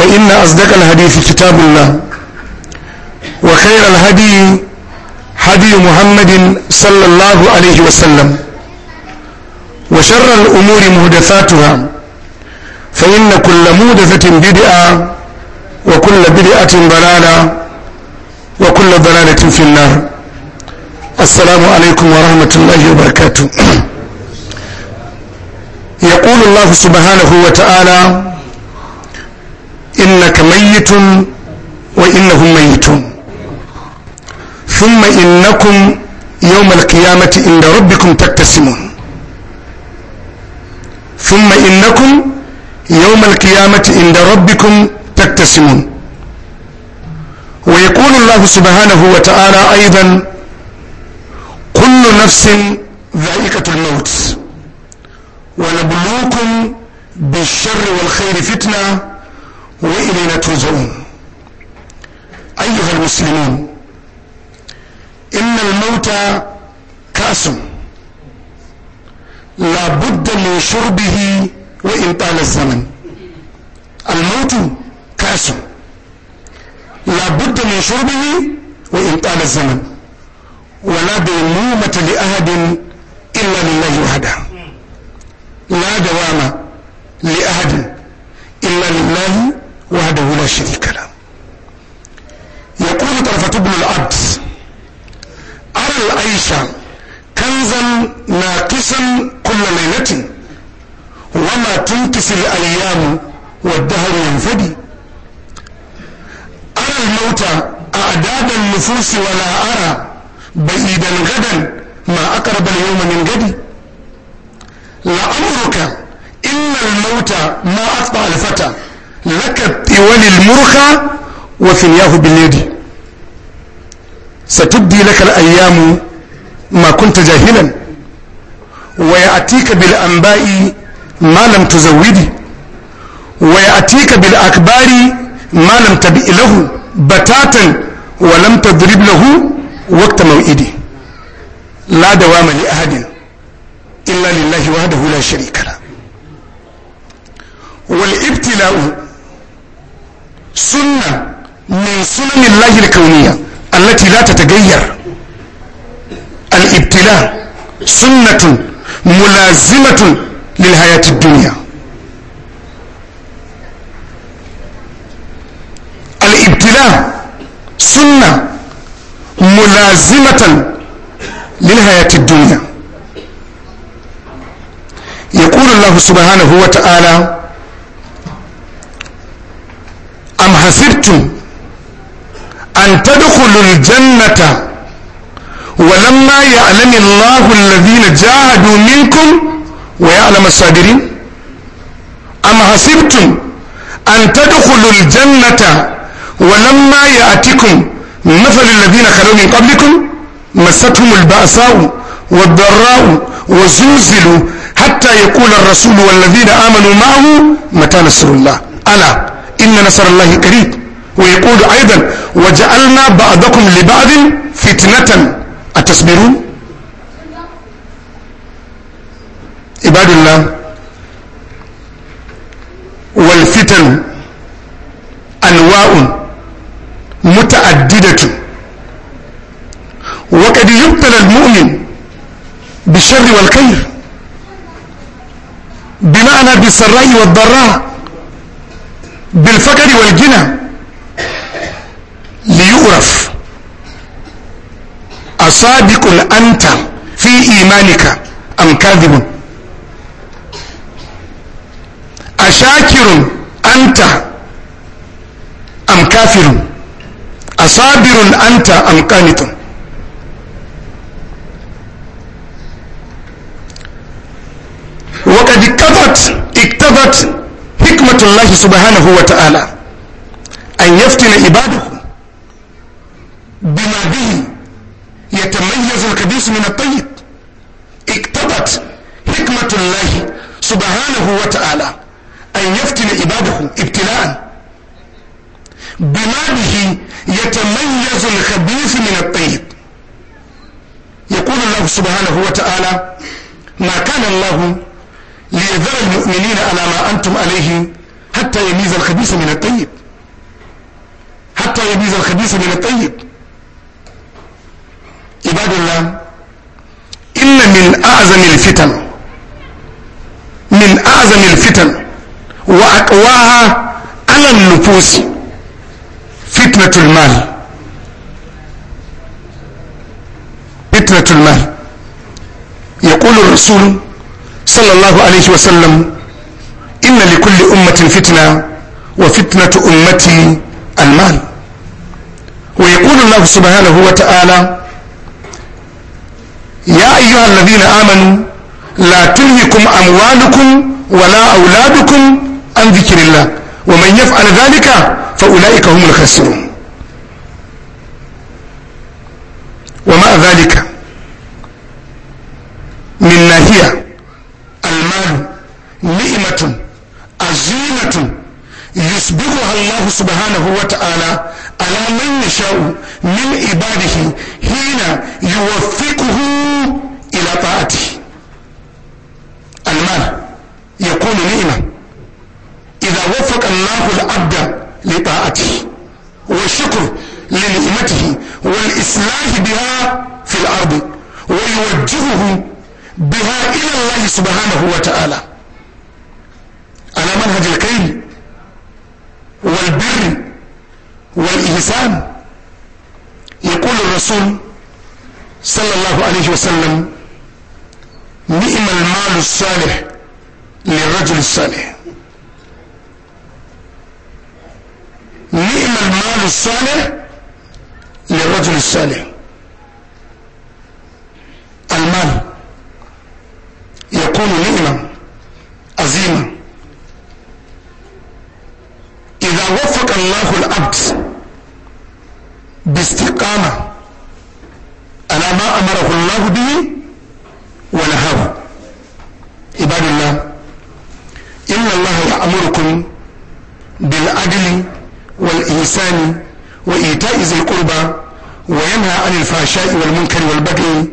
فإن أصدق الحديث كتاب الله وخير الهدي هدي محمد صلى الله عليه وسلم وشر الأمور مهدثاتها فإن كل مهدثة بدعة وكل بدعة ضلالة وكل ضلالة في النار السلام عليكم ورحمة الله وبركاته يقول الله سبحانه وتعالى إنك ميت وإنهم ميتون ثم إنكم يوم القيامة عند ربكم تقتسمون ثم إنكم يوم القيامة عند ربكم تقتسمون ويقول الله سبحانه وتعالى أيضا كل نفس ذائقة الموت ونبلوكم بالشر والخير فتنه وإلينا ترجعون أيها المسلمون إن الموت كأس لا بد من شربه وإن طال الزمن الموت كأس لا بد من شربه وإن طال الزمن ولا ديمومة لأحد إلا لله وحده العيش كنزا ناقصا كل ليلة وما تنقص الأيام والدهر ينفدي أرى الموت أعداد النفوس ولا أرى بعيدا غدا ما أقرب اليوم من غدي لأمرك إن الموت ما أقطع الفتى لك الطوال المرخى وثنياه باليد ستبدي لك الأيام ما كنت جاهلا ويأتيك بالأنباء ما لم تزودي ويأتيك بالأكبار ما لم تبئ له بتاتا ولم تضرب له وقت موئدي لا دوام لأحد إلا لله وحده لا شريك له والابتلاء سنة من سنن الله الكونية التي لا تتغير الابتلاء سنة ملازمة للحياة الدنيا الابتلاء سنة ملازمة للحياة الدنيا يقول الله سبحانه وتعالى أم حسبتم tadkhulul jannata walamma ya'lamu Allahu alladhina jahadu minkum wa ya'lamu as-sabirin am hasibtum an tadkhulul jannata walamma ya'tikum mathalu alladhina khalaw min qablikum massatuhum al-ba'sa'u wad-dharra'u wa zulzilu hatta ya kula rasulu wal-ladhina amanu ma'ahu mata nasrullah ala inna nasrallahi kari. ويقول ايضا وجعلنا بعضكم لبعض فتنة اتصبرون عباد الله والفتن انواع متعددة وقد يبتلى المؤمن بالشر والخير بمعنى بالسراء والضراء بالفقر والجنى A asabiqul anta fi imanika am kadhibun ashakirun anta am kafirun asabirun anta am qanitun وقد اقتضت اقتضت حكمة الله سبحانه وتعالى أن يفتن عباده بما به يتميز الخبيث من الطيب اقتضت حكمة الله سبحانه وتعالى أن يفتن عباده ابتلاء بما به يتميز الخبيث من الطيب يقول الله سبحانه وتعالى ما كان الله ليذر المؤمنين على ما أنتم عليه حتى يميز الخبيث من الطيب حتى يميز الخبيث من الطيب عباد الله إن من أعظم الفتن من أعظم الفتن وأقواها على النفوس فتنة المال فتنة المال يقول الرسول صلى الله عليه وسلم إن لكل أمة فتنة وفتنة أمتي المال ويقول الله سبحانه وتعالى يا أيها الذين آمنوا لا تلهكم أموالكم ولا أولادكم عن ذكر الله ومن يفعل ذلك فأولئك هم الخاسرون ومع ذلك من ناهية المال نعمة عظيمة يسبغها الله سبحانه وتعالى على من يشاء من عباده بخدمته والإصلاح بها في الأرض ويوجهه بها إلى الله سبحانه وتعالى على منهج الخير والبر والإحسان يقول الرسول صلى الله عليه وسلم نئم المال الصالح للرجل الصالح نئم المال الصالح الرجل الصالح المال يكون نعمة عظيمة إذا وفق الله العبد باستقامة على ما أمره الله به ونهاه عباد الله إن الله يأمركم بالعدل والإنسان وإيتاء ذي القربى عن الفحشاء والمنكر والبغي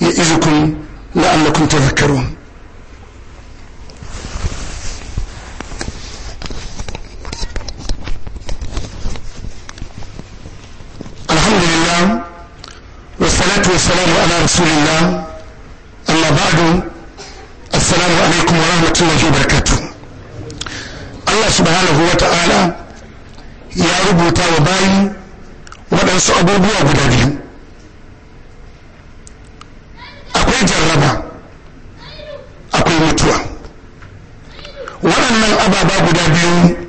يئذكم لعلكم تذكرون الحمد لله والصلاة والسلام على رسول الله أما بعد السلام عليكم ورحمة الله وبركاته الله سبحانه وتعالى يا رب وتعالى waɗansu abubuwa guda biyu akwai jarraba akwai mutuwa waɗannan ababa guda biyu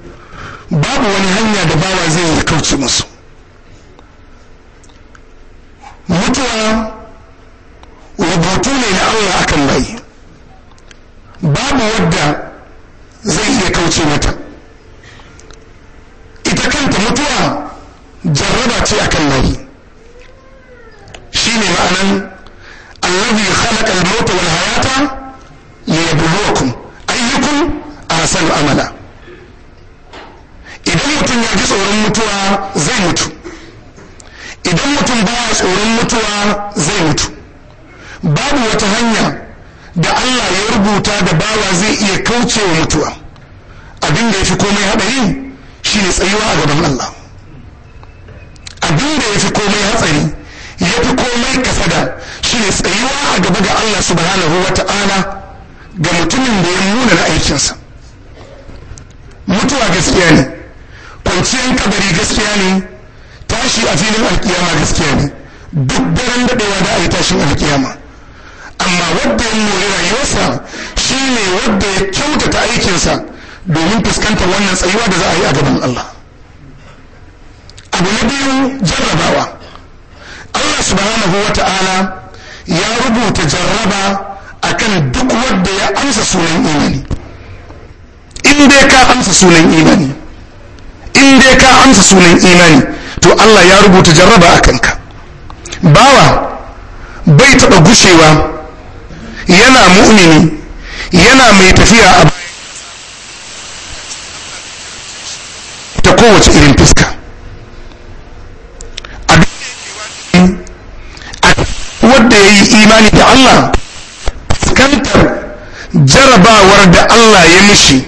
son amala idan mutum ya ji tsoron mutuwa zai mutu idan mutum ba baya tsoron mutuwa zai mutu babu wata hanya da allah ya rubuta da bawa zai iya kaucewa mutuwa abin da ya fi komai haɗari ne tsayuwa a gaban allah abin da ya fi komai hatsari ya fi komai kasada ne tsayuwa a gaba ga allah subhanahu wa ta'ala ga mutumin da ya nuna na aikinsa mutuwa gaskiya ne kwanciyar kabari gaskiya ne tashi a filin alkiyama gaskiya ne duk daren daɗewa da a yi tashin alkiyama amma wadda ya mori rayuwarsa shi ne wadda ya kyautata aikinsa domin fuskantar wannan tsayuwa da za a yi a gaban Allah abu na biyu jarrabawa Allah subhanahu wa ta'ala ya rubuta jarraba akan duk wadda ya amsa sunan imani in dai ka amsa sunan imani in dai ka amsa sunan imani to Allah ya rubuta jarraba a kanka bawa bai taɓa gushewa yana mu'mini yana mai tafiya a ta kowace irin fuska wadda ya yi imani da Allah fuskantar jarabawar da Allah ya mishi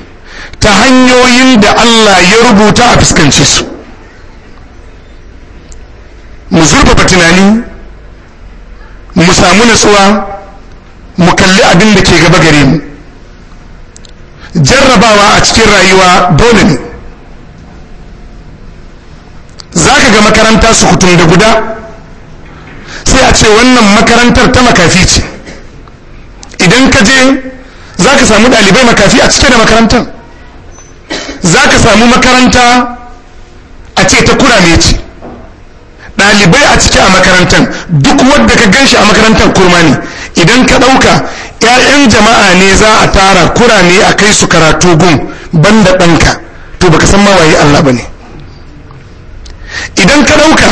ta hanyoyin da Allah ya rubuta a fuskance su mu zurfafa tunani mu samu natsuwa mu kalli abin da ke gaba gare mu jarrabawa a cikin rayuwa dole ne za ka ga makaranta su kutum da guda sai a ce wannan makarantar ta makafi ce idan ka je za ka samu ɗalibai makafi a cike da makarantar za ka samu makaranta a ce ta kura ne ce ɗalibai a ciki a makarantar duk wadda ka ganshi a makarantar kurma ne idan ka ɗauka 'ya'yan jama'a ne za a tara kura ne a kai su karatu gun da ɗanka to baka san mawaye allah ba ne idan ka ɗauka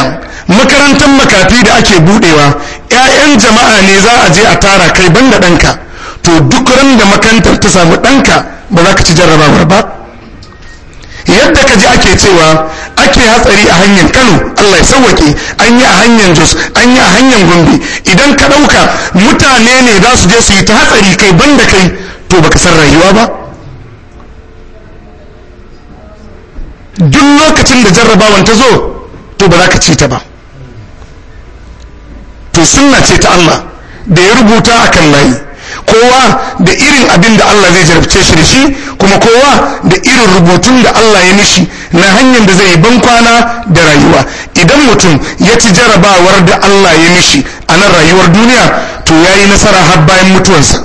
makarantar makafi da ake buɗewa 'ya'yan jama'a ne za a je a tara kai ban da ɗanka to duk ran da makarantar ta samu ɗanka ba za ka ci jarrabawar ba yadda ka ji ake cewa ake hatsari a hanyar kano allah ya sauwake an yi a hanyar jos an yi a hanyar gombe idan ka ɗauka mutane ne za su je su yi ta hatsari kai banda kai to baka san rayuwa ba duk lokacin da jarrabawan ta zo to ba za ka ci ta ba to sunna ce ta allah da ya rubuta a kan layi kowa da irin abin da Allah zai jarabce shi da shi kuma kowa da irin rubutun da Allah ya mishi na hanyar da zai ban kwana da rayuwa idan mutum ya ci jarabawar da Allah ya mishi a nan rayuwar duniya to ya yi nasara har bayan mutuwansa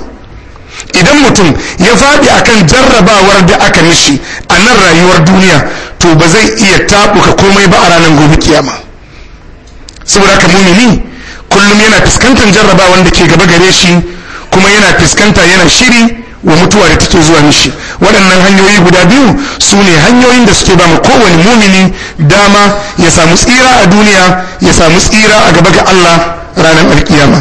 idan mutum ya faɗi a kan jarrabawar da aka mishi a nan rayuwar duniya to ba zai iya taɓuka komai ba a ranar gobe kiyama saboda haka mumini kullum yana fuskantar jarrabawar da ke gaba gare shi kuma yana fuskanta yana shiri wa mutuwa da take zuwa mishi waɗannan hanyoyi guda biyu su ne hanyoyin da suke ba mu kowane mumini dama ya samu tsira a duniya ya samu tsira a gaba ga Allah ranar alkiyama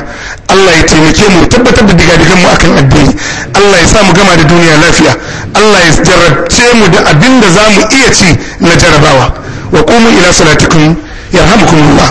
Allah ya taimake mu tabbatar da digadigan mu akan addini Allah ya sa mu gama da duniya lafiya Allah ya jarabce mu da abin da za mu iya ci na jarabawa wa kuma ila yarhamukum Allah.